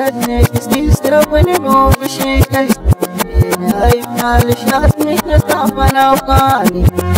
ندنيس تلون ومشي كلمة أي مالش نغني نسمع أنا وقالي